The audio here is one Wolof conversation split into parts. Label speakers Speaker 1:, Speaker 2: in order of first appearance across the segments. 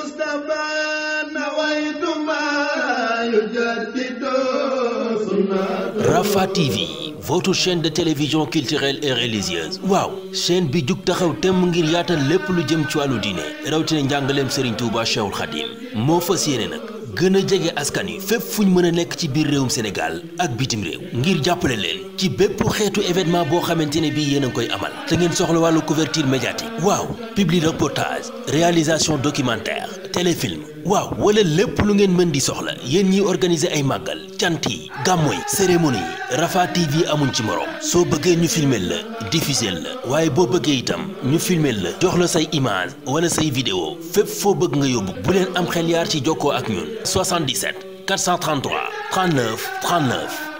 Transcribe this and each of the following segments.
Speaker 1: المصطفى نويت ما يجدد
Speaker 2: de télévision culturel et religieuse waaw chaîne bi jug taxaw temm ngir yaatal lépp lu jëm ci wàllu diine rawatina njàngaleem Serigne Touba Cheikhul Khadim moo fas yéene nag gën a jege askan yi fépp fu ñu mën a nekk ci biir réewum Sénégal ak bitim réew ngir jàppale leen ci bépp xeetu événement boo xamante ne bii yéen a koy amal te ngeen soxla wàllu couverture médiatique waaw publi reportage réalisation documentaire téléfilm waaw wala lépp lu ngeen mën di soxla yéen ñiy organiser ay màggal canti gàmmu gàmmo yi cérémonie yi Rafah TV amuñ ci morom soo bëggee ñu filmeel la diffuseel la waaye boo bëggee itam ñu filmeel la jox la say image wala say vidéo fépp foo bëgg nga yóbbu bu leen am xel ci jokkoo ak ñun 77 433 39 39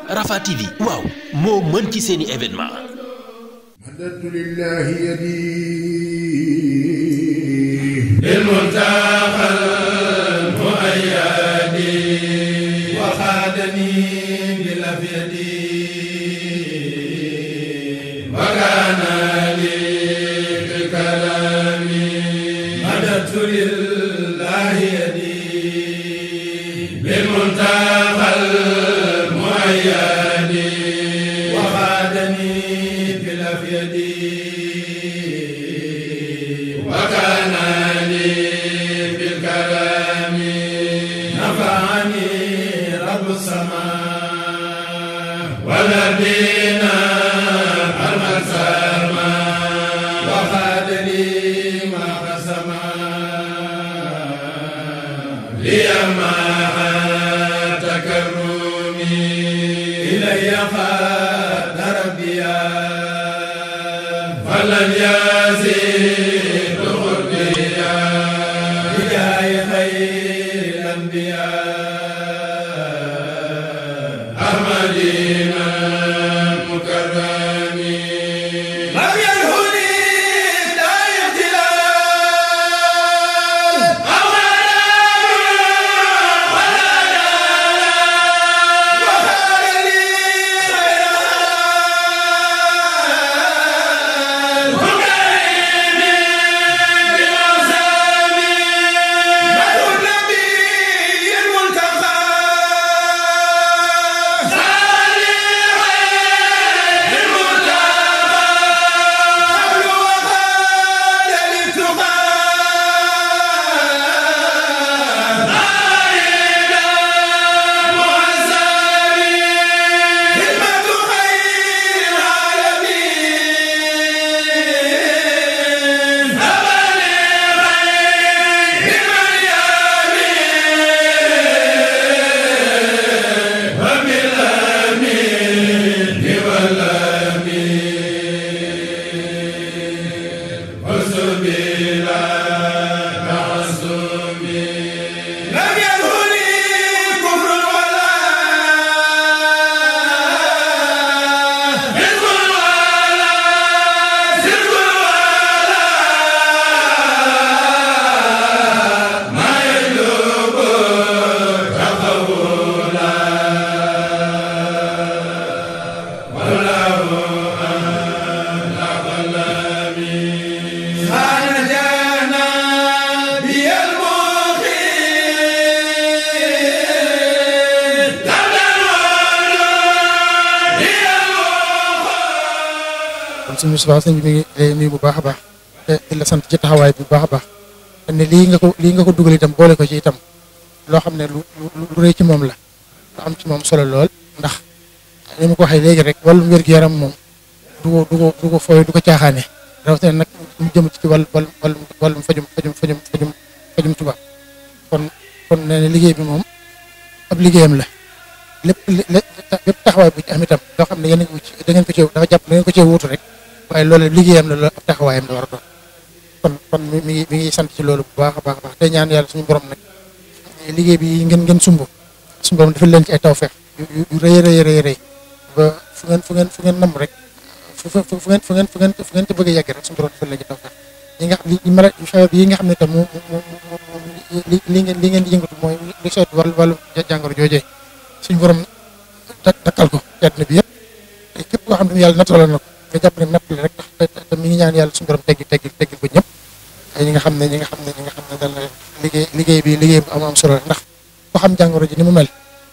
Speaker 2: Rafah TV waaw moo mën ci seeni événement
Speaker 3: walam yaasi suñu subaa sëñ bi mi ngi lay nuyu bu baax baax te la sant ci taxawaay bu baax a baax ne lii nga ko lii nga ko dugal itam boole ko ci itam loo xam ne lu lu ci moom la lu am ci moom solo lool ndax ni ma ko waxee léegi rek wàllum wér yaram moom du ko du ko du ko fooy du ko caaxaane rawatina nag mu jëm ci wàllu wàllu wàllum fajum fajum fajum tubaab kon kon nee na liggéey bi moom ab liggéeyam la lépp lépp taxawaay bu ci am loo xam ne yéen a ngi ci da ngeen ko ci dafa jàpp da ngeen ko cee wuutu rek waaye loolu liggéeyam la loolu taxawaayam la a doon kon kon mi ngi mi ngi sant ci loolu bu baax a baax a baax tey ñaan yàlla suñu borom nag eh, liggéey bi ngeen ngeen sumb suñu borom dafa ay tawfeex yu rëy rëy ba fu ngeen fu ngeen fu ngeen nam rek fu fu ngeen fu ngeen fu ngeen fu ngeen ci bëgg a yegg rek suñu borom dafa leen ci tawfeex yi nga xam yi nga xam ne tam mu li li ngeen li ngeen di yëngatu mooy lu seet wàllu wàllu jàngoro joojee suñu borom takkal ko ci àddina bi yëpp képp koo xam ne yàlla nataloon na nga jàppale napp natt rek ndax mi ngi ñaan yàlla suñu borom teggi teggi teggi ko ñëpp ay ñi nga xam ne ñi nga xam ne ñi nga xam ne daal liggéey liggéey bi liggéey bu am am solo ndax ko xam jàngoro ji ni mu mel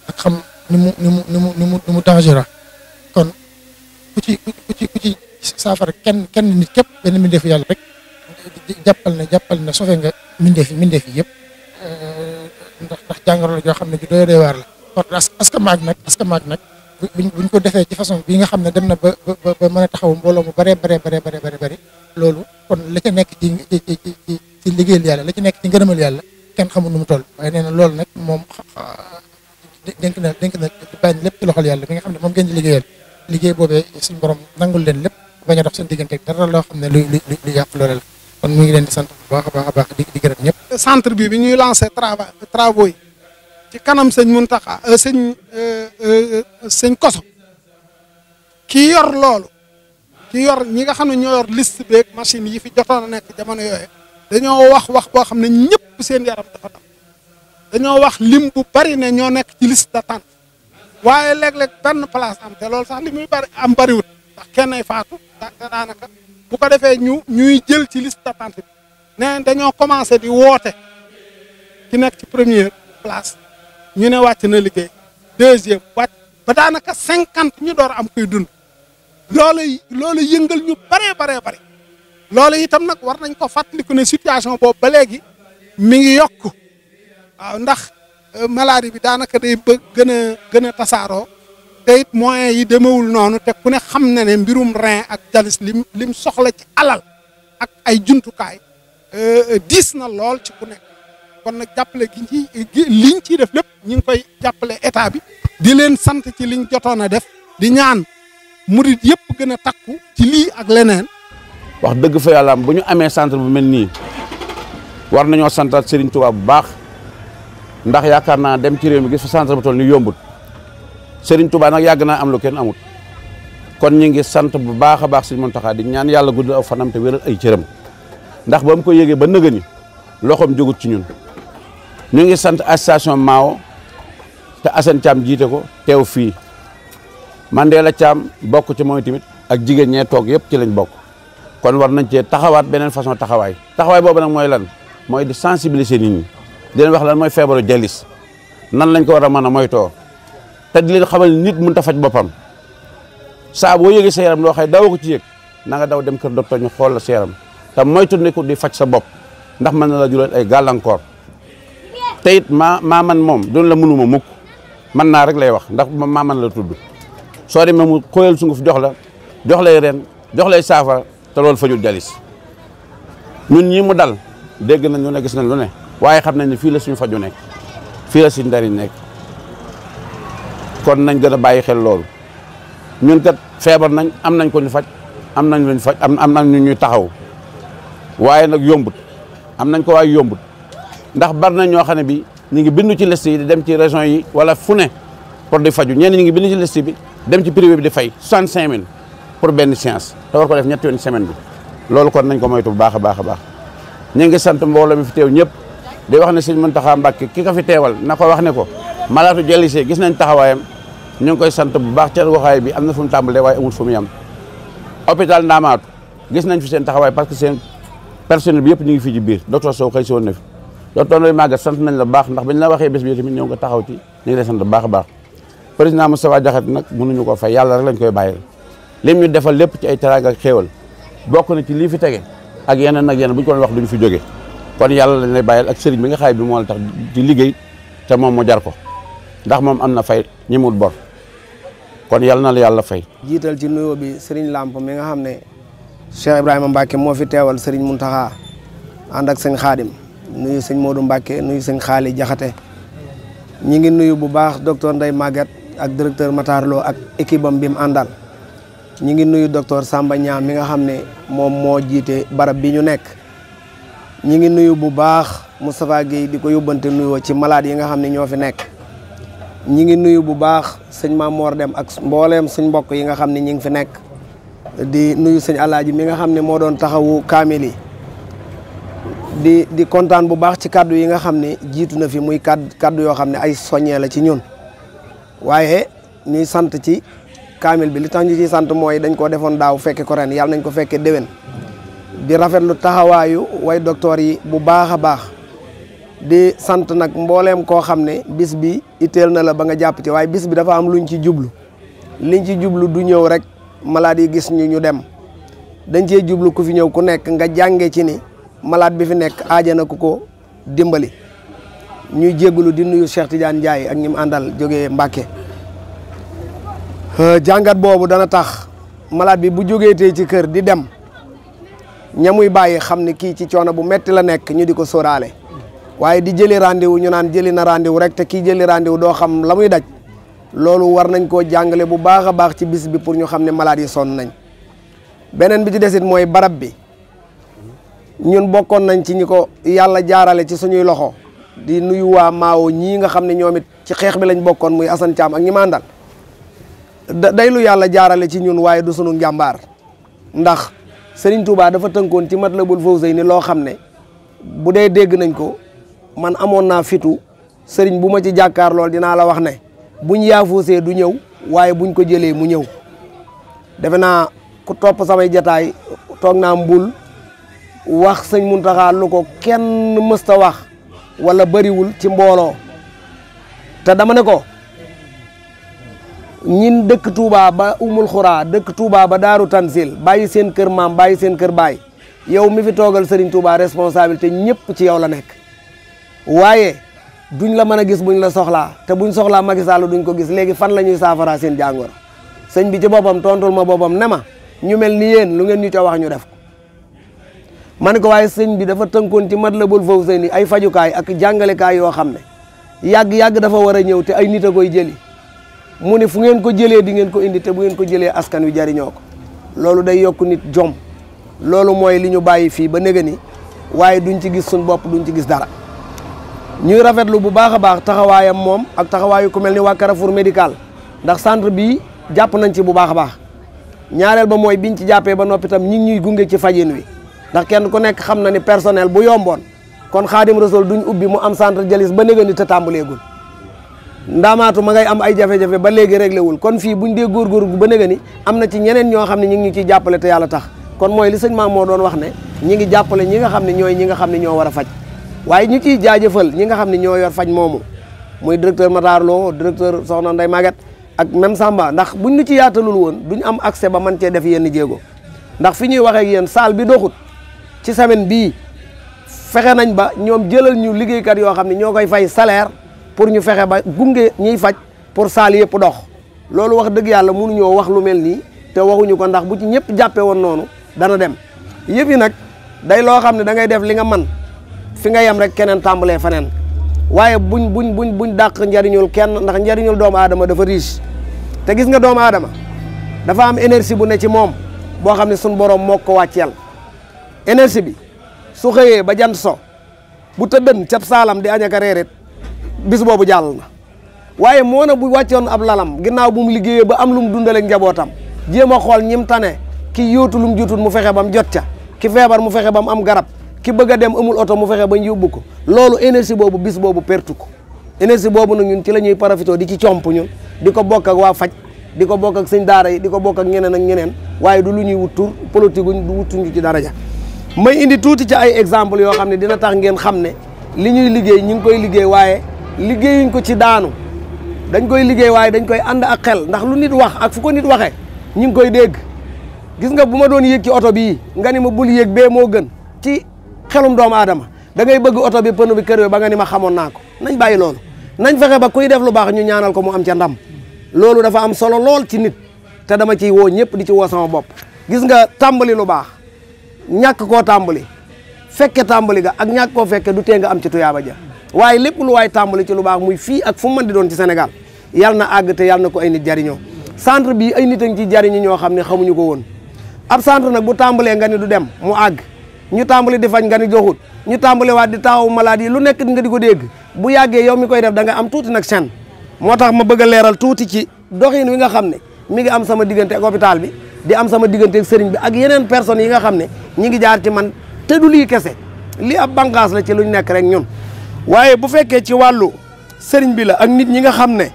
Speaker 3: ak xam ni mu ni mu ni mu ni mu ni mu dangereux kon ku ci saafara kenn kenn nit képp benn mbindeef yàlla rek jàppal na jàppal na sofe nga mbindeef mbindeef yëpp ndax ndax jàngoro la joo xam ne ju doy doy waar la kon as aska maag nag aska nag bu buñ ko defee ci façon bi nga xam ne dem na ba mën a taxaw mbooloo mu bare bare bare bare bare bare loolu kon la ca nekk ci ci ci ci liggéeyal yàlla la ci nekk ci ngërëmal yàlla kenn xamul nu mu toll waaye nee na loolu nag moom ah, dénk na dénk na bàyyi lépp ci loxol yàlla bi nga xam ne moom ngeen di liggéeyal liggéey boobee suñu borom nangul leen lépp bañ a dox seen diggante dara loo xam ne luy luy luy kon mu ngi leen di sant bu baax a baax a baax di di gërëm ñëpp. centre bi bi
Speaker 1: ñuy lancé travaux travaux ci kanam sëñ Muntaxa euh, sëñ euh, euh, sëñ Koso ki yor loolu ki yor ñi nga xam ne ñoo yor liste beeg machine yi fi jotoon a nekk jamono yooyu dañoo wax wax boo xam ne ñëpp seen yaram dafa taw dañoo wax lim bu bari ne ñoo nekk ci liste d'attente waaye léeg-léeg benn place am te loolu sax li muy bari am bariwut ndax kenn ay faatu ndax daanaka bu ko defee ñu ñuy jël ci liste d'attente bi nee dañoo commencé di woote ki nekk ci premier place. ñu ne wàcc na liggéey deuxième wàcc ba daanaka cinquante ñu door am kuy dund loolu loolu yëngal ñu baree baree bare loole itam nag war nañ ko fàttaliku ne situation boobu ba léegi mi ngi yokku waaw ndax euh, maladie bi daanaka day ba gën a gën a tasaaroo te it moyens yi demewul noonu te ku ne xam na ne mbirum rein ak jalis lim lim soxla ci alal ak ay jumtukaay euh, diis na lool ci ku nekk kon nag jàppale gi ci liñ ciy def lépp ñu ngi koy jàppale état bi di leen sant
Speaker 4: ci liñ jotoon a def di ñaan murit yëpp gën a takku ci lii ak leneen. wax dëgg fa yàlla bu ñu amee centre bu mel nii war nañoo santaat sëriñ Touba bu baax ndax yaakaar naa dem ci réew mi gis fa sant bu toll nii yombut sëriñ Touba nag yàgg naa am lu kenn amut kon ñu ngi sant bu baax a baax Serigne Mountakha di ñaan yàlla guddal aw fanam te wéral ay cëram ndax ba mu ko yëgee ba nëgë ni loxoom jógut ci ñun ñu ngi sant association te Assane Thiam jiite ko teew fii Mandela Thiam bokk ci mooy tamit ak jigéen ñee toog yëpp ci lañ bokk kon war nañ cee taxawaat beneen façon taxawaay taxawaay boobu nag mooy lan mooy di sensibiliser nit ñi di wax lan mooy feebaru jalis nan lañ ko war a mën a moytoo te di leen xamal nit mun ta faj boppam saa boo yëgee sa yaram loo xëy daw ko ci yëg daw dem kër docteur ñu xool la seeram yaram te moytu ne di faj sa bopp ndax mën na la jural ay gàllankoor te ma maa man moom doon la mënuma mukk man naa rek lay wax ndax maa man la tudd soo demee mu xóoyal sunguf jox la jox lay ren jox lay saafara te loolu fajul jalis ñun ñi mu dal dégg nañ lu ne gis nañ lu ne waaye xam nañ ne fii la suñu faju nekk fii la suñu ndariñ nekk kon nañ gën a bàyyi xel loolu ñun kat feebar nañ am nañ ko ñu faj am nañ luñ faj am am nañ ñu ñuy taxaw waaye nag yombut am nañ ko waaye yombut ndax bari na ñoo xam bi ñu ngi bindu ci liste yi di dem ci région yi wala fu ne pour di faju ñenn ñu ngi bindu ci liste bi dem ci privé bi di fay 65000 pour benn séance te war ko def ñetti yoon semaine bi loolu kon nañ ko moytu bu baax baax a baax ñu sant mbooloo mi fi teew ñëpp di wax ne sëñ Mountakha Mbacké ki ko fi teewal na ko wax ne ko malaatu jellisee gis nañ taxawaayam ñu ngi koy sant bu baax ca waxaay bi am na fu mu tàmbalee waaye amul fu mu yam hôpital Ndamaatu gis nañ fi seen taxawaay parce que seen personnel bi yëpp ñu ngi fii ci biir docteur Sow xëy si fi yow toondoy màggat sant nañ la baax ndax bañ la waxee bés bi tamit ñëw nga taxaw ci ñu ngi lay sant baax a baax président Moustapha Diakhaté nag mënuñu ko fay yàlla rek lañ koy bàyyil lim ñu defal lépp ci ay teraanga ak xéewal bokk na ci lii fi tege ak yeneen ak yeneen bu ñu ko doon wax duñu fi jóge kon yàlla lañ lay bàyyil ak sëriñ bi nga xaay bi moo la tax liggéey te moom mu jar ko ndax moom am na fay ñimul bor kon yàlla na la yàlla fay
Speaker 5: jiital ci nuyoo bi sëriñ mi nga xam ne Cheikh Ibrahima Mbacke moo fi teewal sëriñ Mountakha ànd ak sëñ Xaadim nuyu sëñ Modou Mbacke nuyu sëñ Xaali Jaxate ñi ngi nuyu bu baax docteur Ndeye Maguette ak directeur Matar Lo ak équipe am bi mu àndal ñi ngi nuyu docteur Samba Niang mi nga xam ne moom moo jiite barab bi ñu nekk ñi ngi nuyu bu baax Moustapha Guèye di ko yóbbante nuyoo ci malade yi nga xam ne ñoo fi nekk ñi ngi nuyu bu baax sëñ Mamor Dem ak mbooleem suñ mbokk yi nga xam ni ñi ngi fi nekk di nuyu sëñ Alaaji mi nga xam ne moo doon taxawu kaamil yi di di kontaan bu baax ci kàddu yi nga xam ne jiitu na fi muy kàddu kàddu yoo xam ne ay soññee la ci ñun waaye ñuy sant ci kaamil bi li tax ñu ciy sant mooy dañ koo defoon daaw fekke ko ren yàlla nañ ko fekkee déwén di lu taxawaayu way docteur yi bu baax a baax di sant nag mbooleem koo xam ne bis bi itteel na la ba nga jàpp ci waaye bis bi dafa am luñ ci jublu liñ ci jublu du ñëw rek malade gis ñu ñu dem dañ cee jublu ku fi ñëw ku nekk nga jànge ci ni malaat bi fi nekk aaja na ku ko dimbali ñuy jégalu di nuyu Cheikh Tidiane Ndiaye ak ñi mu àndal jógee Mbacke euh, jàngat boobu dana tax malaat bi bu jógee tey ci kër di dem ñamuy bàyyi xam ne kii ci coono bu metti la nekk ñu di ko sóoraale waaye di jëli rendez-vous ñu naan jëli na rendez-vous rek te kii jëli rendez-vous doo xam la muy daj loolu war nañ koo jàngale bu baax a baax ci bis bi pour ñu xam ne malade yi sonn nañ beneen bi ci desit mooy barab bi ñun bokkoon nañ ci ñi ko yàlla jaarale ci suñuy loxo di nuyu waa maawo ñii nga xam ne ñoom it ci xeex bi lañ bokkoon muy Assane Thiam ak ñi ma àndal day lu yàlla jaarale ci ñun waaye du sunu njàmbaar ndax sëriñ Touba dafa tënkoon ci mat la Matlabul Fawzayni loo xam ne bu dee dégg nañ ko man amoon naa fitu Serigne bu ma ci jàkkaar lool dinaa la wax ne buñ yaafoosee du ñëw waaye buñ ko jëlee mu ñëw defe naa ku topp samay jataay toog naa mbul wax sëñ Muntaxa lu ko kenn mësta wax wala bëriwul ci mbooloo te dama ne ko ñin dëkk Touba ba Umul Xuraa dëkk Touba ba Daaru Tansil bàyyi seen kër maam bàyyi seen kër baay yow mi fi toogal Serigne Touba responsabilité ñëpp ci yow la nekk waaye duñ la mën a gis buñ la soxlaa te buñ soxlaa Macky Sall duñ ko gis léegi fan la ñuy saafaraa seen jàngoor sëñ bi ci boppam tontul ma boppam ne ma ñu mel ni yéen lu ngeen ñu ca wax ñu def ma ne ko waaye sëñ bi dafa tënkoon ci Matlabul Fawzayni ay fajukaay ak jàngalekaay yoo xam ne yàgg-yàgg dafa war a ñëw te ay nit a koy jëli mu ne fu ngeen ko jëlee di ngeen ko indi te bu ngeen ko jëlee askan wi jariñoo ko loolu day yokk nit jom loolu mooy li ñu bàyyi fii ba nege ni waaye duñ ci gis suñ bopp duñ ci gis dara ñuy rafetlu bu baax a baax taxawaayam moom ak taxawaayu ku mel ni waa Carrefour médical ndax centre bi jàpp nañ ci bu baax a baax ñaareel ba mooy biñ ci jàppee ba noppi tam ñuy gunge ci fajin wi ndax kenn ku nekk xam na ni personnel bu yomboon kon xaadim rasul duñ ubbi mu am centre dialyse ba néga ni te tàmbuleegul ndaamaatu ma ngay am ay jafe-jafe ba léegi réglé kon fii buñ dee góorgóorlu ba néga ni am na ci ñeneen ñoo xam ne ñu ngi ñu ciy jàppale te yàlla tax kon mooy li sëñ maam moo doon wax ne ñi ngi jàppale ñi nga xam ne ñooy ñi nga xam ne ñoo war a faj waaye ñu ciy jaajëfal ñi nga xam ne ñoo yor faj moomu muy directeur Matar loo directeur Soxna Ndeye Maguette ak même Samba ndax buñ ñu ci yaatalul woon duñ am accès ba mën cee def yenn jéego ndax fi ñuy waxee ak yéen bi doxut ci semaine bii fexe nañ ba ñoom jëlal ñu liggéeykat yoo xam ne ñoo koy fay salaire pour ñu fexe ba gunge ñiy faj pour saal yëpp dox loolu wax dëgg yàlla munuñoo wax lu mel nii te waxuñu ko ndax bu ci ñëpp jàppe woon noonu dana dem yëf yi nag day loo xam ne da ngay def li nga man fi nga yem rek keneen tàmbalee feneen waaye buñ buñ buñ buñ dàq njariñul kenn ndax njariñul doomu aadama dafa riche te gis nga doomu aadama dafa am énergie bu ne ci moom boo xam ne suñ boroom moo ko wàcceel énergie bi su xëyee ba jant so bu tëddën cab saalam di añaka reerit bis boobu jàll na waaye moo na bu wàccoon ab lalam ginnaaw bu mu liggéeyee ba am lu mu dundaleeg njabootam jéem a xool ñim tane ki yóotu lu mu jotul mu fexe ba mu jot ca ki feebar mu fexe ba mu am garab ki bëgg dem amul oto mu fexe ba ñu yóbbu ko loolu énergie boobu bis boobu pertu ko énergie boobu nag ñun ci la ñuy profité di ci comp ñun di ko bokk waa faj di ko bokk ak sëñ daara yi di ko bokk ak ñeneen ak ñeneen waaye du lu ñuy wut tur politique du wutuñu ci daraja may indi tuuti ci ay exemple yoo xam ne dina tax ngeen xam ne li ñuy liggéey ñu ngi koy liggéey waaye liggéeyuñ ko ci daanu dañ koy liggéey waaye dañ koy ànd ak xel ndax lu nit wax ak fu ko nit waxee ñu ngi koy dégg gis nga bu ma doon yéeg ci oto bii nga ni ma bul yéeg bee moo gën ci xelum doomu adama da ngay bëgg oto bi pneu bi kër yooyu ba nga ni ma xamoon naa ko nañ bàyyi loolu nañ fexe ba kuy def lu baax ñu ñaanal ko mu am ca ndam loolu dafa am solo lool ci nit te dama ciy woo ñëpp di ci woo sama bopp gis nga tàmbali lu baax ñàkk koo tàmbali fekke tàmbali ga ak ñàkk koo fekke du tee nga am ci tuyaaba ja waaye lépp lu waaye tàmbali ci lu baax muy fii ak fu mu mën di doon ci Sénégal yàlla na àgg te yàlla na ko ay nit jariñoo centre bi ay nit a ngi ci jariñu ñoo xam ne xamuñu ko woon ab centre nag bu tàmbalee nga ni du dem mu àgg ñu tàmbali di fañ nga ni joxut ñu tàmbale waat di taawu malade yi lu nekk nga di ko dégg bu yàggee yow mi koy def da nga am tuuti nag seen moo tax ma bëgg leeral tuuti ci doxin wi nga xam ne mi ngi am sama diggante ak bi di am sama digganteeg sëriñ bi ak yeneen personnes yi nga xam ne ñi ngi jaar ci man te du lii kese lii ab bànqaas la ci luñ nekk rek ñun waaye bu fekkee ci wàllu sëriñ bi la ak nit ñi nga xam ne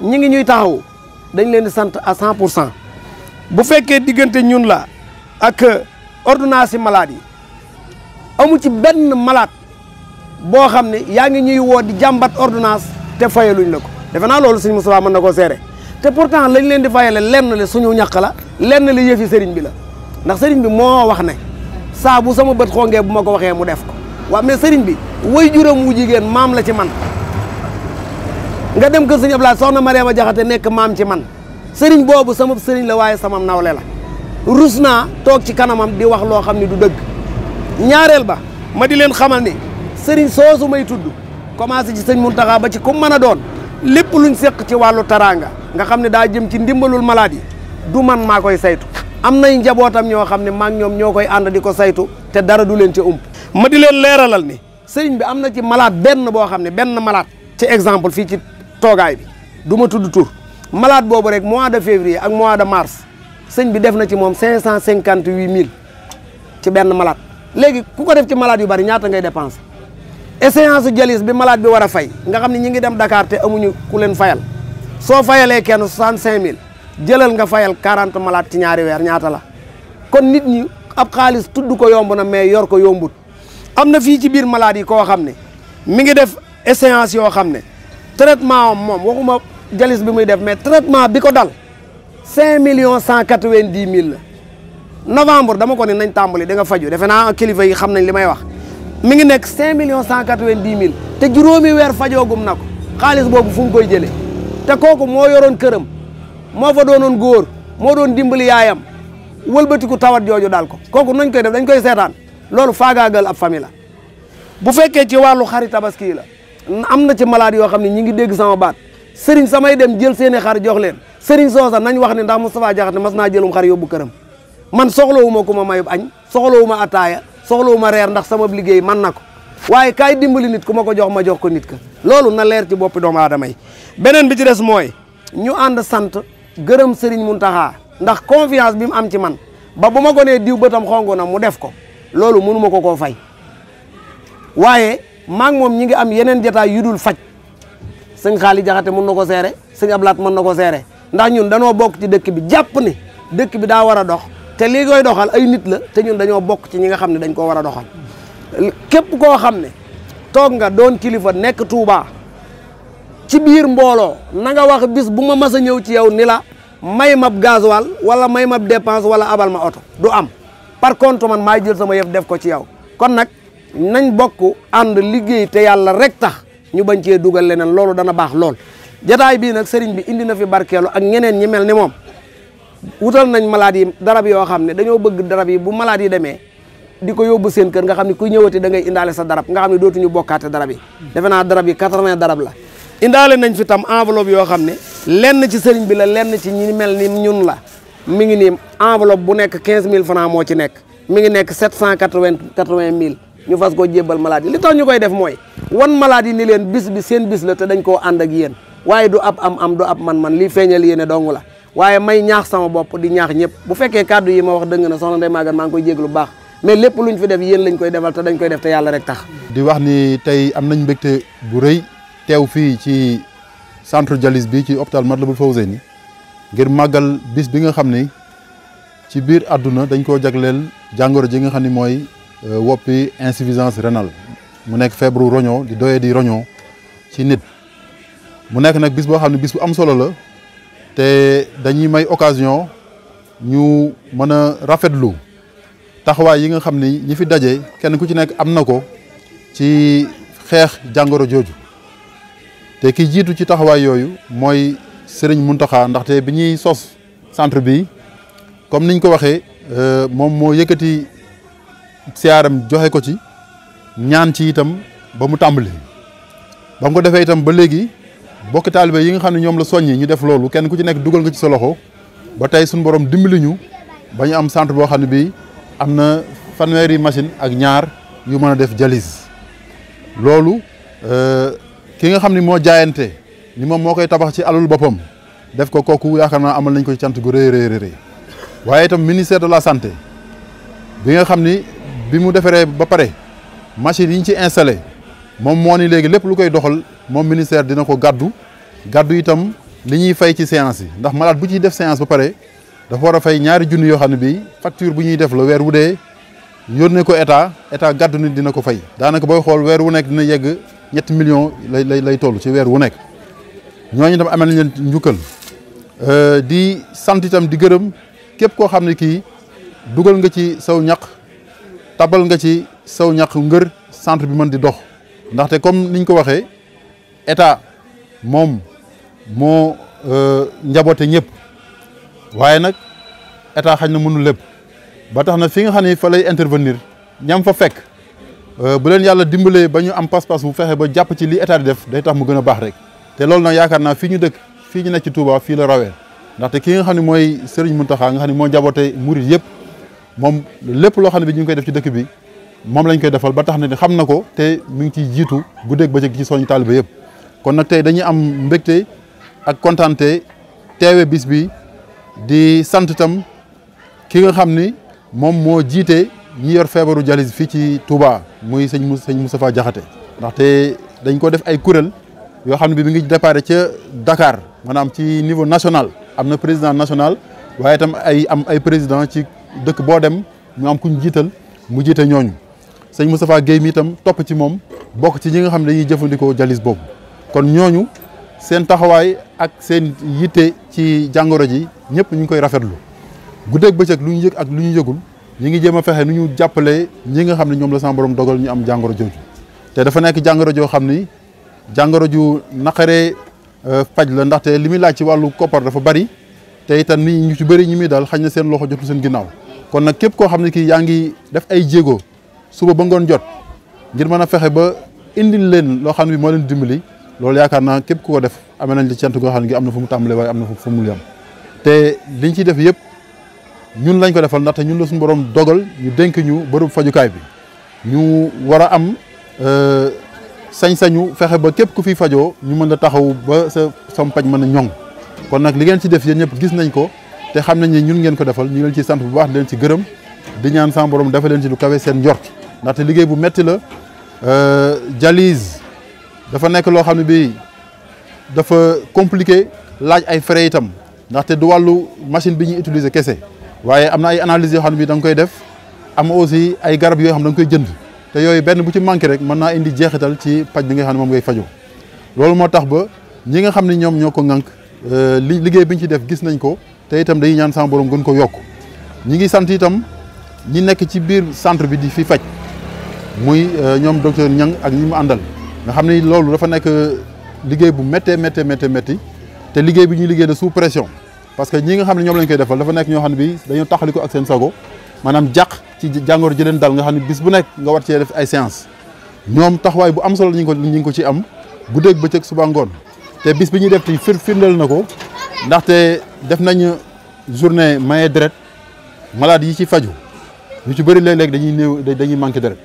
Speaker 5: ñi ngi ñuy taxaw dañ leen sant à cent pour cent bu fekkee diggante ñun la ak ordonnance yi malade yi amu ci benn malaat boo xam ne yaa ngi ñuy woo di jàmbat ordonnance te luñ la ko defe naa loolu suñu Moustapha mën na koo seere te pourtant lañ leen di fayale lenn li suñu ñàq la lenn li yëfi sëriñ bi la ndax sëriñ bi moo wax ne saabu sama bët xongee bu ma ko waxee mu def ko waaw mais sëriñ bi way juram wu jigéen maam la ci man nga dem kër sëñ Ablaye soxna Mariama Jaxate nekk maam ci man sëriñ boobu sama sëriñ la waaye sama nawle la rus naa toog ci kanamam di wax loo xam ne du dëgg ñaareel ba ma di leen xamal ni sëriñ soosu may tudd commencé ci sëñ taxaa ba ci ku mën a doon lépp luñ seq ci wàllu taraanga nga xam ne daa jëm ci ndimbalul malade yi du man maa koy saytu am nay njabootam ñoo xam ne maak ñoom ñoo koy ànd di ko saytu te dara du leen ci ump ma di leen leeralal ni sëriñ bi am na ci malaat benn boo xam ne benn malaat ci exemple fii ci toogaay bi du ma tudd tur malaat boobu rek mois de février ak mois de mars sëñ bi def na ci moom cinq cent cinquante huit mille ci benn malaat léegi ku ko def ci malade yu bari ñaata ngay dépenser échéance su dialyse bi malade bi war a fay nga xam ne ñi ngi dem Dakar te amuñu ku leen fayal soo fayalee kenn 65000 jëlal nga fayal 40 malade ci ñaari weer ñaata la kon nit ñi ab xaalis tudd ko yomb na mais yor ko yombut am na fii ci biir malade yi koo xam ne mi ngi def échéance yoo xam ne traitement am moom waxuma dialyse bi muy def mais traitement bi ko dal 5 millions 190 mille la novembre dama ko ne nañ tàmbali da nga faju defe naa kilifa yi xam nañ li may wax. mi ngi nekk cinq millions cent quatre-vingt-dix mille te juróomi weer fajoogum na ko xaalis boobu fu mu koy jëlee te kooku moo yoroon këram moo fa doonoon góor moo doon dimbali yaayam wëlbatiku tawat jooju daal ko kooku nañ koy def dañ koy seetaan loolu faagaagal ab famille la bu fekkee ci wàllu xari tabaski la am na ci malade yoo xam ne ñi ngi dégg sama baat sëriñ samay dem jël seeni xar jox leen sëriñ soosa nañ wax ne ndax Moustapha Diakhaté mas naa jëlum xar yóbbu këram man soxlawuma ku ma mayub añ soxlawuma ataaya soxlawuma reer ndax sama liggéey man na ko waaye kaay dimbali nit ku ma ko jox ma jox ko nit ka loolu na leer ci boppi doomu aadamay beneen bi ci des mooy ñu ànd sant gërëm Serigne Mountakha ndax confiance bi mu am ci man ba bu ma ko nee diw bëtam xongu na mu def ko loolu mënu ma ko koo fay waaye maa ngi moom ñi ngi am yeneen jataay yu dul faj sëñ xaali jaxate mën na ko seere sëñ ablaat mën na ko seere ndax ñun danoo bokk ci dëkk bi jàpp ne dëkk bi daa war a dox te lii koy doxal ay nit la te ñun dañoo bokk ci ñi nga xam ne dañ ko war a doxal képp koo xam ne toog nga doon kilifa nekk Touba ci biir mbooloo na nga wax bis bu ma mas a ñëw ci yow ni la may mab gasoil wala may mab dépense wala abal ma oto du am par contre man maay jël sama yëf def ko ci yow kon nag nañ bokk ànd liggéey te yàlla rek tax ñu bañ cee dugal leneen loolu dana baax lool jataay bii nag sëriñ bi indi na fi barkeelu ak ñeneen ñi mel ni moom wutal nañ malade darab yoo xam ne dañoo bëgg darab yi bu malade yi demee di ko yóbbu seen kër nga xam ne ku ñëwati da ngay indaale sa darab nga xam ne dootuñu bokkaate darab yi defe naa darab yi 80 darab la indaale nañ fi tam enveloppe yoo xam ne lenn ci sëriñ bi la lenn ci ñi mel ni ñun la mi ngi nii enveloppe bu nekk mille francs moo ci nekk mi ngi nekk 780 80 mille ñu fas koo jébbal malade yi li tax ñu koy def mooy wan malade ni leen bis bi seen bis la te dañ koo ànd ak yéen waaye du ab am am du ab man-man lii feeñal yéene dong la waaye may ñaax sama bopp di ñaax ñëpp bu fekkee kàddu yi ma wax dëgg na soxna Ndeye Maguette maa ngi koy jéglu bu baax mais lépp luñ fi def yéen lañ koy defal te dañ koy def te yàlla rek tax
Speaker 6: di wax ni tey am nañ mbégte bu rëy teew fii ci centre dialyse bi ci hôpital Matlaboul Fawzeyni ngir màggal bis bi nga xam ni ci biir àdduna dañ koo jagleel jàngoro ji nga xam ni mooy euh, woppi insuffisance renal mu nekk feebaru roño di doyee di roño ci nit mu nekk nag bis boo xam ne bis am solo la te dañuy may occasion ñu mën a rafetlu taxawaay yi nga xam ni ñi fi daje kenn ku ci nekk am na ko ci xeex jàngoro jooju te ki jiitu ci taxawaay yooyu mooy Serigne Mountakha ndaxte bi ñuy sos centre bi comme niñ ko waxee euh, moom moo yëkkati siyaaram joxe ko ci ñaan ci itam ba mu tàmbali ba mu ko defee itam ba léegi. bokki taalibe yi nga xam ne ñoom la soññi ñu def loolu kenn ku ci nekk dugal nga ci sa ba tey suñ borom dimbali ñu ba ñu am centre boo xam ne bii am na fanweeri machine ak ñaar yu mën a def dialyse loolu euh, ki nga xam ne moo jaayante ni moom moo koy tabax ci alul boppam def ko kooku yaakaar naa amal nañ ko ci cant gu rëy rëy rëy waaye itam ministère de la santé bi nga xam ni bi mu defaree ba pare machine yi ñu ci installé moom moo ni léegi lépp lu koy doxal moom ministère dina ko gàddu gàddu itam li ñuy fay ci séance yi ndax malaat bu ciy def séance ba pare dafa war a fay ñaari junni yoo xam ne bii facture bu ñuy def la weer wu dee yónnee ko état état gàddu nit dina ko fay. daanaka booy xool weer wu nekk dina yegg ñetti million lay lay lay toll ci weer wu nekk ñooñu itam amal na leen njukkal euh, di sant itam di gërëm képp koo xam ne kii dugal nga ci saw ñaq tabal nga ci saw ñaq ngër centre bi mën di dox. ndaxte comme niñ ko waxee état moom moo euh, njaboote ñëpp waaye nag état xañ na mënul lépp ba tax na fi nga xam ne fa lay intervenir ñam fa fekk euh, bu leen yàlla dimbalee ba ñu am pas-pas bu fexe ba jàpp ci li état di def day tax mu gën a baax rek te loolu nag yaakaar naa fii ñu dëkk fii ñu nekk ci Touba fii la rawee ndaxte ki nga xam ne mooy Serigne Mountakha nga xam ne moo njaboote murid yëpp moom lépp loo xam ne bi ñu ngi koy def ci dëkk bi moom lañ koy defal ba tax na ni xam na ko te mu ngi ciy jiitu guddeeg bëccëg ci soññ taalibe yëpp kon nag tey dañuy am mbégte ak kontaante teewe bis bi di sant itam ki nga xam ni moom moo jiite yor feebaru jalis fii ci Touba muy sëñ sëñ Moustapha Diakhaté ndaxte dañ ko def ay kuréel yoo xam ne bi mi ngi déparé ca dakaar maanaam ci niveau national am na président national waaye itam ay am ay président ci dëkk boo dem ñu am kuñ jiital mu jiite ñooñu sëñ Moustapha Guèye mi itam topp ci moom bokk ci ñi nga xam ne dañuy jëfandikoo jalis boobu kon ñooñu seen taxawaay ak seen yitte ci jàngoro ji ñëpp ñu ngi koy rafetlu guddeeg bëccëg lu ñu yëg ak lu ñu yëgul ñu ngi jëm a fexe nu ñu jàppale ñi nga xam ne ñoom la sama borom dogal ñu am jàngoro jooju te dafa nekk jàngoro joo xam ni jàngoro ju naqaree euh, faj la ndaxte li muy laaj ci wàllu koppar dafa bari te itam nit ñu ci bëri ñi muy daal xañ seen loxo jotul seen ginnaaw kon nag képp koo xam ne kii yaa ngi def ay jéego suba ba ngoon jot ngir mën a fexe ba indil leen loo xam ne bi moo leen dimbali loolu yaakaar naa képp ku ko def amee nañ ci cant xam ne gi am na fu mu tàmbalee waaye am mu yam te liñ ciy def yëpp ñun lañ ko defal ndaxte ñun la suñu borom dogal dénk ñu bërëb fajukaay bi ñu war a am euh, sañ-sañu fexe ba képp ku fi fajoo ñu mën a taxaw ba sa sam mën a ñoŋ kon nag li ngeen ci def yéen ñëpp gis nañ ko te xam nañ ne ñun ngeen ko defal ñu leen ciy sant bu baax di leen ci gërëm di ñaan sama borom dafa leen ci lu kawe seen njort ndaxte liggéey bu metti la jalis euh, dafa nekk loo xam ne bi dafa compliqué laaj ay frais itam ndaxte du wàllu machine bi ñuy utiliser kese waaye am na ay analyses yoo xam ne bi da nga koy def am aussi ay garab yoo xam da nga koy jënd te yooyu benn bu ci manqué rek mën naa indi jeexital ci paj bi nga xam ne moom ngay fajoo loolu moo tax ba ñi nga xam ne ñoom ñoo ko ŋànk euh, li liggéey bi ñu ci def gis nañ ko te itam dañuy ñaan sama borom gën ko yokk ñi ngi sant itam ñi nekk ci biir centre bi di fi faj muy euh, ñoom docteur Niang ak ñi mu àndal nga xam ne loolu dafa nekk euh, liggéey bu mettee méttee méttee te liggéey bi ñuy liggéey na sous pression parce que ñi nga xam ne ñoom lañ koy defal dafa nekk ñoo xam ne bi dañoo taxaliko ak seen sago maanaam jàq ci jàngoor ji leen dal nga xam ne bis bu nekk nga war cee def ay séance ñoom taxawaay bu am solo ñu ngi ko ñu ngi ko ci am bu dégg bëccëg suba ngoon te bis bi ñuy def ci fir firndeel na ko ndaxte def nañ journée maye deret malade yi ci faju ñu ci bëri léeg-léeg dañuy néew dañuy manqué deret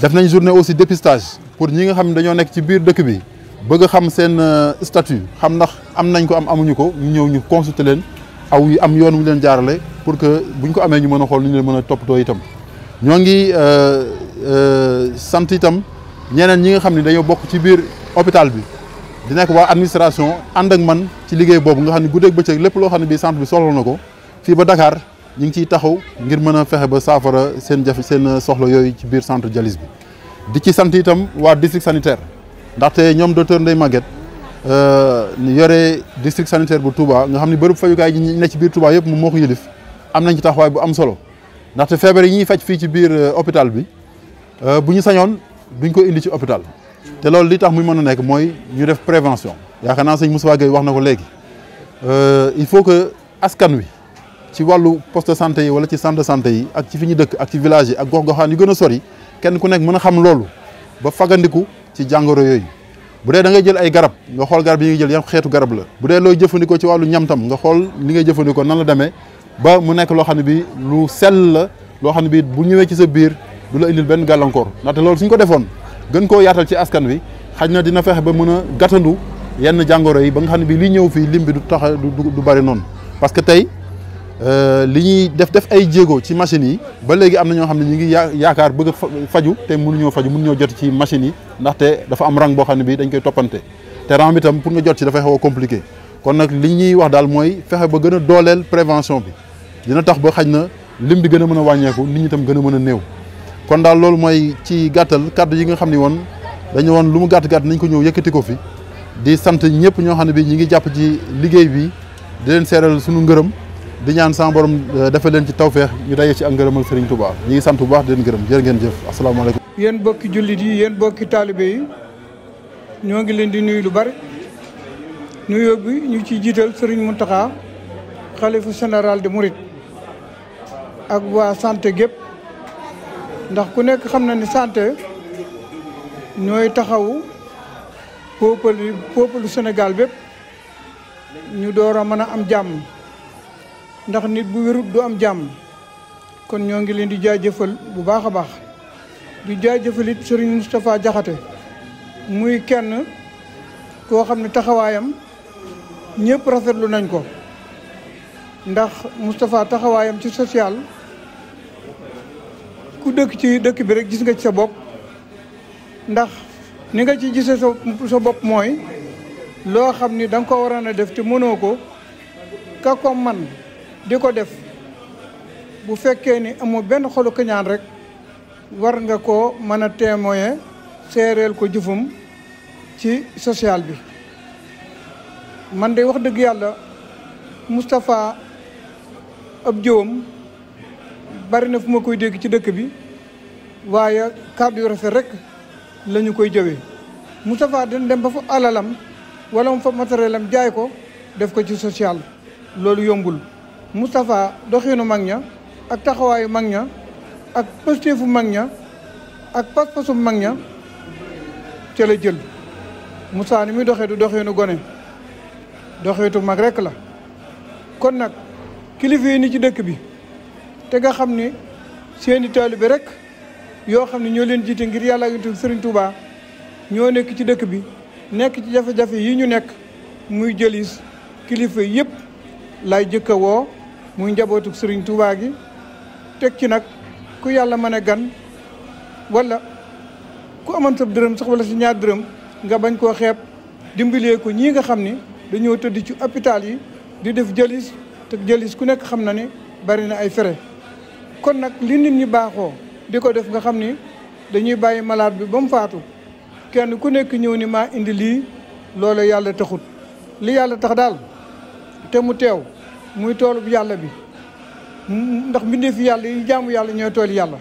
Speaker 6: def nañ journée aussi dépistage pour ñi nga xam ne dañoo nekk ci biir dëkk bi bëgg a xam seen euh, statu xam ndax am nañ ko am amuñu ko ñu ñëw ñu consulter leen aw am yoon mu leen jaarale pour que bu ñu ko amee ñu mën a xool nu ñu leen mën a toppatoo itam. ñoo ngi euh, euh, sant itam ñeneen ñi nga xam ne dañoo bokk ci biir hôpital bi di nekk waa administration ànd ak man ci liggéey boobu nga xam ne guddeeg bëccëg lépp loo xam ne bii sant bi soxla na ko fii ba Dakar. ñu ngi ciy taxaw ngir mën a fexe ba saafara seen jafe seen soxla yooyu ci biir centre jalis bi di ci sant itam waa district sanitaire ndaxte ñoom docteur Ndeye Maguette ñu euh, yore district sanitaire bu Touba nga xam ne bërëb fajukaay yi ñi ne ci biir Touba yëpp moom moo ko yilif am nañ ci taxawaay bu am solo ndaxte feebar yi ñuy faj fii ci biir euh, hôpital bi euh, bu ñu sañoon duñ ko indi ci hôpital te loolu li tax muy mën a nekk mooy ñu ref prévention yaakaar naa sëñ Moussa Gueye wax na ko léegi il faut que askan wi. ci wàllu post de santé yi wala ci centre de santé yi ak ci fi ñu dëkk ak ci village yi ak gox-goxaan yu gën a sori kenn ku nekk mën a xam loolu ba fagandiku ci jàngoro yooyu bu dee da ngay jël ay garab nga xool garab yi ngay jël yan xeetu garab la bu dee looy jëfandikoo ci wàllu ñamtam tam nga xool li ngay jëfandikoo nan la demee ba mu nekk loo xam ne bi lu sell la loo xam ne bi bu ñëwee ci sa biir du la indil benn gàllankoor ndaxte loolu suñ ko defoon gën koo yaatal ci askan wi xaj na dina fexe ba mën a gàttandu yenn jàngoro yi ba nga xam ne bi li ñëw fii lim bi du tax du bari noonu parce que Euh, li ñuy def def ay jéego ci machines yi ba léegi am na ñoo xam ne ñu ngi yaakaar bëgg a faju te mënuñoo faju mënuñoo jot ci machine yi ndaxte dafa am rang boo xam ne bii dañ koy toppante te rang bi tam pour nga jot ci dafay xaw a compliqué kon nag li ñuy wax daal mooy fexe ba gën a dooleel prévention bi dina tax ba xaj na lim bi gën a mën a wàññeeku li ñi tam gën a mën a néew kon daal loolu mooy ci gàttal kàddu yi nga xam ne woon dañu woon lu mu gàtt gàtt nañ ko ñëw yëkkati ko fi di sant ñëpp ñoo xam ne bi ñu ngi jàpp ci liggéey bi di leen seeral suñu ngërëm di ñaan sama borom euh, leen ci tawfeex ñu daje ci ak ngërëmal Serigne Touba ñu ngi sant bu baax di leen gërëm jërë ngeen jëf asalaamaaleykum.
Speaker 7: bokki jullit yi yéen bokki taalibe yi ñoo ngi leen di nuyu lu bari nuyoo bi ñu ciy jiital Serigne Mountakha xalifu général de Mouride ak waa santé gépp ndax ku nekk xam na ni santé ñooy taxawu peuple peuple Sénégal bépp ñu door a mën a am jàmm. ndax nit bu wérut du am jàmm kon ñoo ngi leen di jëfal bu baax a baax di jaajëfal it Serigne Moustapha Diakhaté muy kenn koo xam ne taxawaayam ñëpp rafetlu nañ ko ndax Moustapha taxawaayam ci social ku dëkk ci dëkk bi rek gis nga ci sa bopp ndax ni nga ci gisee sa sa bopp mooy loo xam ni danga ko waraana def te mënoo ko ka ko man di ko def bu fekkee ni amoo benn xolu kañaan rek war nga koo mën a témoigner seereel ko jëfum ci social bi man de wax dëgg yàlla Moustapha ab jëwam bari na fu ma koy dégg ci dëkk bi waaye kàddu yu rafet rek la koy jëwee Moustapha dina dem ba fa alalam wala mu fa matériel am jaay ko def ko ci social loolu yombul Moustapha doxiinu mag ña ak taxawaayu mag ña ak pëstéefu mag ña ak pas-pasu mag ña ca jël Moussa ni muy doxee du doxiinu gone doxeetu mag rekk la kon nag kilifa yi ni ci dëkk bi te nga xam ni seeni taalibe rekk yoo xam ne ñoo leen jiite ngir yàlla ak Sëriñ Tuubaa ñoo nekk ci dëkk bi nekk ci jafe-jafe yi ñu nekk muy jëlis kilifa yëpp lay jëkka woo muy njabootug sëriñ Touba gi teg ci nag ku yàlla mën a gan wala ku amoon sa dërëm sax wala sa ñaar dërëm nga bañ koo xeeb dimbalee ko ñii nga xam ni dañoo tëdd ci hôpital yi di def jalis te jalis ku nekk xam na ni bari na ay fere kon nag li nit ñi baaxoo di ko def nga xam ni dañuy bàyyi malaat bi ba mu faatu kenn ku nekk ñëw ni maa indi lii loole yàlla taxut li yàlla tax daal te mu teew muy toolub yàlla bi ndax mbindeef yàlla yi jaamu yàlla ñoo tool yàlla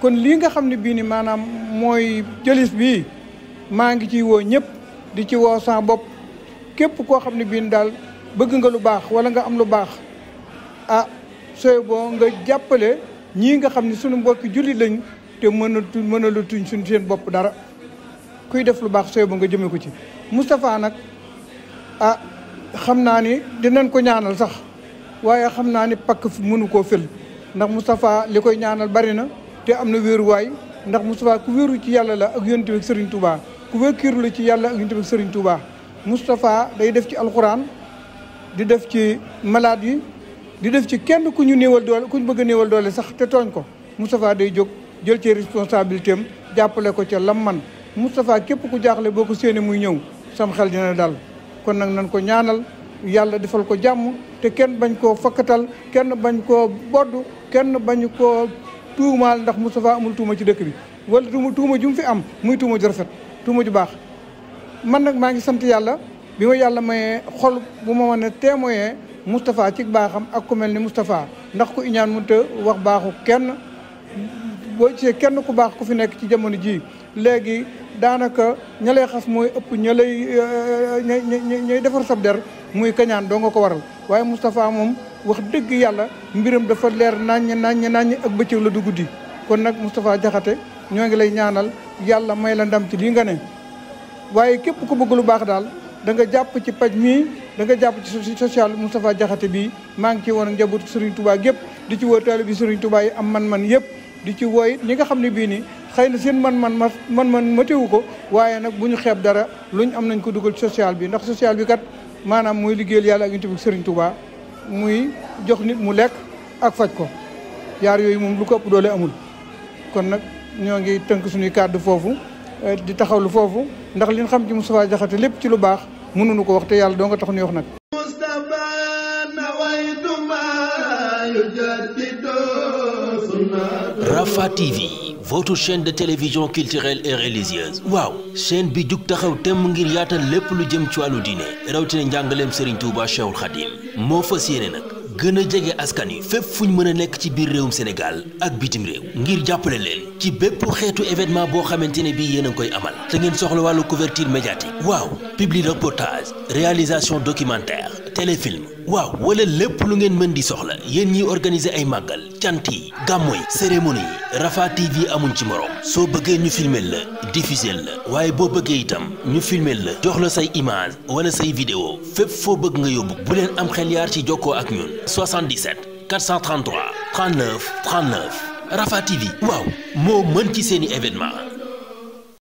Speaker 7: kon lii nga xam ne bii ni maanaam mooy jëlis bi maa ngi ciy woo ñëpp di ci woo sans bopp képp koo xam ne biin daal bëgg nga lu baax wala nga am lu baax ah sooy boo nga jàppale ñii nga xam ni sunu mbokki jullit lañ te mën a mën lu tuñ suñ seen bopp dara kuy def lu baax sooy boo nga jëmee ko ci Moustapha nag ah xam naa ni dinañ ko ñaanal sax waaye xam naa ni pakk mënu koo fël ndax Moustapha li koy ñaanal bari na te am na wéeruwaay ndax Moustapha ku wéeru ci yàlla la ak yonent bi ak Serigne Touba ku wékkiiru ci yàlla ak yonent bi ak Serigne Touba day def ci alxuraan di def ci malade yi di def ci kenn ku ñu néewal doole ku ñu bëgg a néewal doole sax te tooñ ko Moustapha day jóg jël ci responsabilité am jàppale ko ca lam man Moustapha képp ku jaaxle boo ko séenee muy ñëw sam xel dina dal kon nag nan ko ñaanal. yàlla defal ko jàmm te kenn bañ koo fakkatal kenn bañ koo bodd kenn bañ koo tuumaal ndax Moustapha amul tuuma ci dëkk bi wala tuuma tuuma ju mu fi am muy tuuma ju rafet tuuma ju baax man nag maa ngi sant yàlla bi ma yàlla mayee xol bu ma mën a témoigner Moustapha ci baaxam ak ku ne ni ndax ku iñaan mënut te wax baaxu kenn boo gisee kenn ku baax ku fi nekk ci jamono ji léegi daanaka ñale xas mooy ëpp ña lay euh, ñay defar sab der muy kañaan doo nga ko waral waaye Moustapha moom wax dëgg yàlla mbiram dafa leer naññ naññ naññ ak bëccëg la du guddi kon nag Moustapha Diakhaté ñoo ngi lay ñaanal yàlla may la ndam ci lii nga ne waaye képp ku bëgg lu baax daal da nga jàpp ci paj mii da nga jàpp ci social Moustapha Diakhaté bii maa ngi ci woon njabootu Serigne Touba gépp di ci woo taalibe bi Serigne Touba yi am man-man yëpp di ci woo it nga xam ne bii nii xëy na seen man-man ma man-man matewu ko waaye nag bu ñu xeeb dara luñ am nañ ko dugal social bi ndax social bi kat maanaam muy liggéeyal yàlla ak untibi Serigne Touba muy jox nit mu lekk ak faj ko yaar yooyu moom lu ko ëpp doole amul kon nag ñoo ngi tënk suñuy kàddu foofu eh, di lu foofu ndax liñ xam ci Moustapha Diakhaté lépp ci lu baax mënuñu ko wax te yàlla doo nga tax ñuy wax nag
Speaker 1: Rafah
Speaker 2: TV votre chaine de télévision culturelle et religieuse waaw chaîne bi jug taxaw temm ngir yaatal lépp lu jëm ci wàllu diine rawatina njàngaleem Serigne Touba Cheikhul Khadim moo fas yéene nag gën a jege askan yi fépp fu ñu mën a nekk ci biir réewum Sénégal ak bitim réew ngir jàppale leen ci bépp xeetu événement boo xamante ne bii yéen a ngi koy amal te ngeen soxla wàllu couverture médiatique waaw publi reportage réalisation documentaire téléfilm waaw wala lépp lu ngeen mën di soxla yéen ñiy organiser ay màggal cant yi gàmmu yi cérémonie yi Rafah TV amul ci morom soo bëggee ñu filmer la diffuser la waaye boo bëggee itam ñu filmer la jox la say image wala say vidéo fépp foo bëgg nga yóbbu bu leen am xel yaar ci jokkoo ak ñun 77 433 39 39 Rafah TV waaw moo mën ci seeni événement